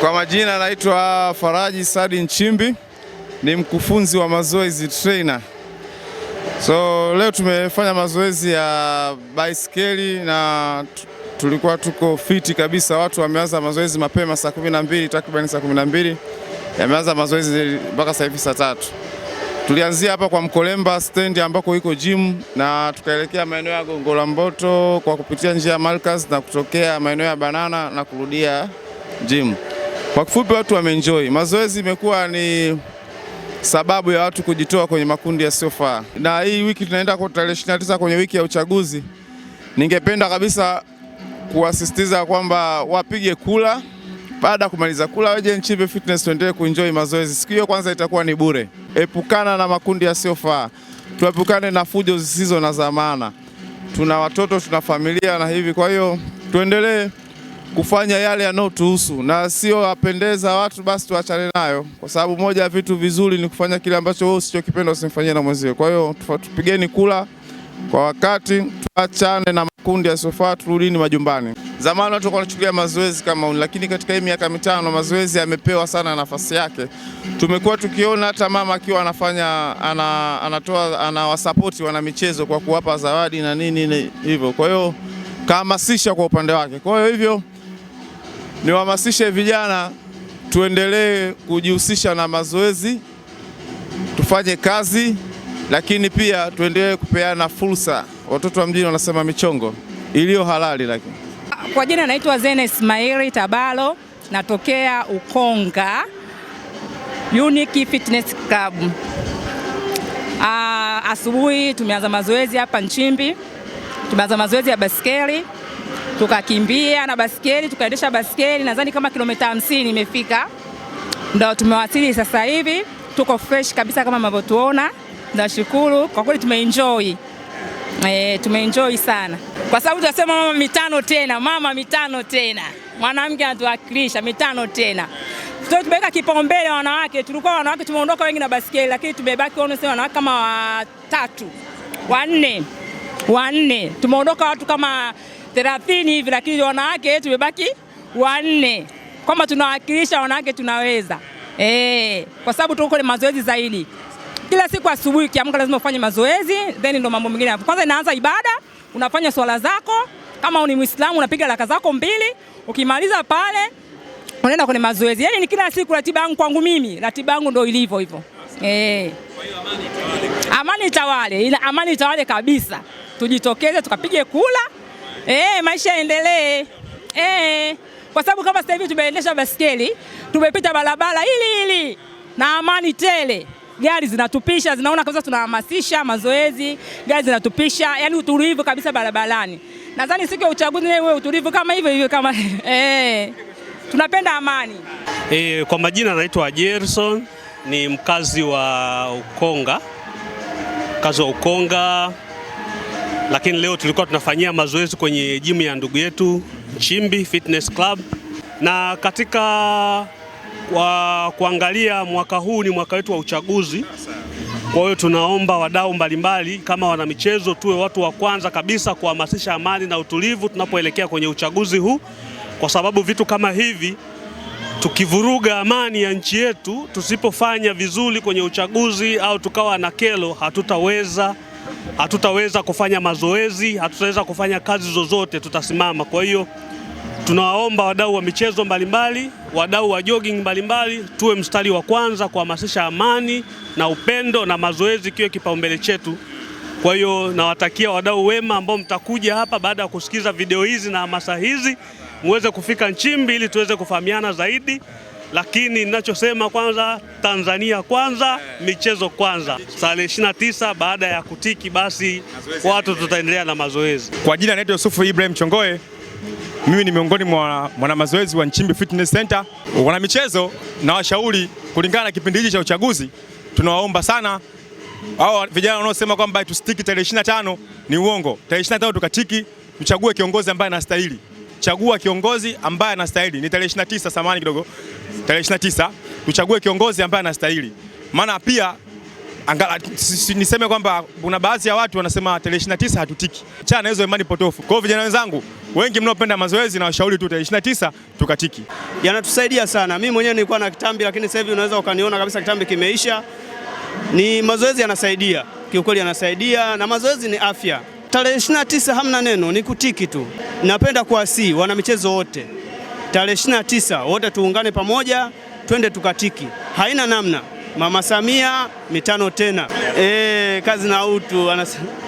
Kwa majina naitwa Faraji Sadi Nchimbi, ni mkufunzi wa mazoezi trainer. So leo tumefanya mazoezi ya baisikeli na tulikuwa tuko fiti kabisa. Watu wameanza mazoezi mapema saa kumi na mbili takriban saa kumi na mbili yameanza mazoezi mpaka sasa hivi saa tatu. Tulianzia hapa kwa Mkolemba stendi ambako iko gym na tukaelekea maeneo ya Gongo la Mboto kwa kupitia njia ya Malkas na kutokea maeneo ya Banana na kurudia gym. Kwa kifupi, watu wameenjoy. Mazoezi imekuwa ni sababu ya watu kujitoa kwenye makundi yasiyofaa, na hii wiki tunaenda kwa tarehe 29 kwenye wiki ya uchaguzi. Ningependa kabisa kuwasisitiza kwamba wapige kula. Baada ya kumaliza kula, waje Nchive Fitness tuendelee kuenjoy mazoezi. Siku hiyo kwanza itakuwa ni bure. Epukana na makundi yasiyofaa, tuepukane na fujo zisizo na zamana Tuna watoto, tuna familia na hivi, kwa hiyo tuendelee kufanya yale yanayotuhusu na sio apendeza watu, basi tuachane nayo, kwa sababu moja ya vitu vizuri ni kufanya kile ambacho wewe usichokipenda usimfanyie na mwenzio. Kwa hiyo tupigeni kula kwa wakati, tuachane na makundi yasiyofaa, turudini majumbani. Zamani watu walikuwa wanachukulia mazoezi kama uni, lakini katika hii miaka mitano mazoezi yamepewa sana nafasi yake. Tumekuwa tukiona hata mama akiwa anafanya ana, anatoa anawasapoti wana michezo kwa kuwapa zawadi na nini hivyo, kwa hiyo kahamasisha kwa upande wake, kwa hiyo hivyo niwahamasishe vijana tuendelee kujihusisha na mazoezi, tufanye kazi, lakini pia tuendelee kupeana fursa. Watoto wa mjini wanasema michongo iliyo halali. Lakini kwa jina naitwa Zena Ismaili Tabalo, natokea Ukonga Unique Fitness Club. Ah, asubuhi tumeanza mazoezi hapa Nchimbi, tumeanza mazoezi ya baskeli tukakimbia na basikeli, tukaendesha basikeli, nadhani kama kilomita 50 imefika, ndo tumewasili sasa hivi. Tuko fresh kabisa kama mnavyotuona, nashukuru kwa kweli, tumeenjoy eh, tumeenjoy sana, kwa sababu tunasema mama mitano tena, mama mitano tena, mwanamke anatuwakilisha mitano tena tumeweka kipaumbele wanawake. Tulikuwa wanawake tumeondoka wengi na basikeli, lakini tumebaki sema wanawake kama watatu wanne wanne, tumeondoka watu kama thelathini hivi, lakini wanawake tumebaki wanne, kwamba tunawakilisha wanawake, tunaweza e, kwa sababu tuko kwenye mazoezi zaidi kila siku asubuhi. Ukiamka lazima ufanye mazoezi, then ndo mambo mengine. Kwanza inaanza ibada, unafanya swala zako, kama ni Muislamu unapiga raka zako mbili, ukimaliza pale unaenda kwenye mazoezi. Yani ni kila siku ratiba yangu, kwangu mimi ratiba yangu ndo ilivyo hivyo e. Amani itawale, amani itawale kabisa, tujitokeze tukapige kula e, maisha yaendelee e, kwa sababu kama sasa hivi tumeendesha basikeli tumepita barabara hili hili na amani tele, gari zinatupisha, zinaona kabisa tunahamasisha mazoezi, gari zinatupisha, yani utulivu kabisa barabarani. Nadhani siku ya uchaguzi wewe utulivu kama hivyo hivyo kama eh, tunapenda amani e. Kwa majina naitwa Gerson, ni mkazi wa Ukonga, mkazi wa Ukonga lakini leo tulikuwa tunafanyia mazoezi kwenye jimu ya ndugu yetu Chimbi Fitness Club, na katika kwa kuangalia mwaka huu ni mwaka wetu wa uchaguzi. Kwa hiyo tunaomba wadau mbalimbali kama wanamichezo tuwe watu wa kwanza kabisa kuhamasisha amani na utulivu tunapoelekea kwenye uchaguzi huu, kwa sababu vitu kama hivi tukivuruga amani ya nchi yetu, tusipofanya vizuri kwenye uchaguzi au tukawa na kelo hatutaweza hatutaweza kufanya mazoezi, hatutaweza kufanya kazi zozote, tutasimama. Kwa hiyo tunawaomba wadau wa michezo mbalimbali, wadau wa jogging mbalimbali, tuwe mstari wa kwanza kuhamasisha amani na upendo na mazoezi kiwe kipaumbele chetu. Kwa hiyo nawatakia wadau wema ambao mtakuja hapa baada ya kusikiza video hizi na hamasa hizi, muweze kufika Nchimbi ili tuweze kufahamiana zaidi lakini ninachosema kwanza, Tanzania kwanza, eh. michezo kwanza. Tarehe 29 baada ya kutiki, basi watu tutaendelea na mazoezi. Kwa jina naitwa Yusufu Ibrahim Chongoe, mimi ni miongoni mwa mwanamazoezi wa Nchimbi Fitness Center. Wana michezo na washauri, kulingana na kipindi hichi cha uchaguzi, tunawaomba sana hao vijana wanaosema kwamba tusitiki tarehe 25 ni uongo. Tarehe 25 tukatiki, tuchague kiongozi ambaye anastahili. Chagua kiongozi ambaye anastahili. Ni tarehe 29, samahani kidogo tarehe 29 tuchague kiongozi ambaye anastahili, maana pia Angala, niseme kwamba kuna baadhi ya watu wanasema tarehe 29 hatutiki. Chana hizo imani potofu. Kwa hiyo vijana wenzangu wengi mnaopenda mazoezi na washauri tu tarehe 29 tukatiki. Yanatusaidia sana. Mimi mwenyewe nilikuwa na kitambi, lakini sasa hivi unaweza ukaniona kabisa kitambi kimeisha. Ni mazoezi yanasaidia, kiukweli yanasaidia, na mazoezi ni afya. Tarehe 29 hamna neno, ni kutiki tu. Napenda kuasi wana michezo wote tarehe 29 wote tuungane pamoja, twende tukatiki, haina namna. Mama Samia mitano tena. E, kazi na utu anasema.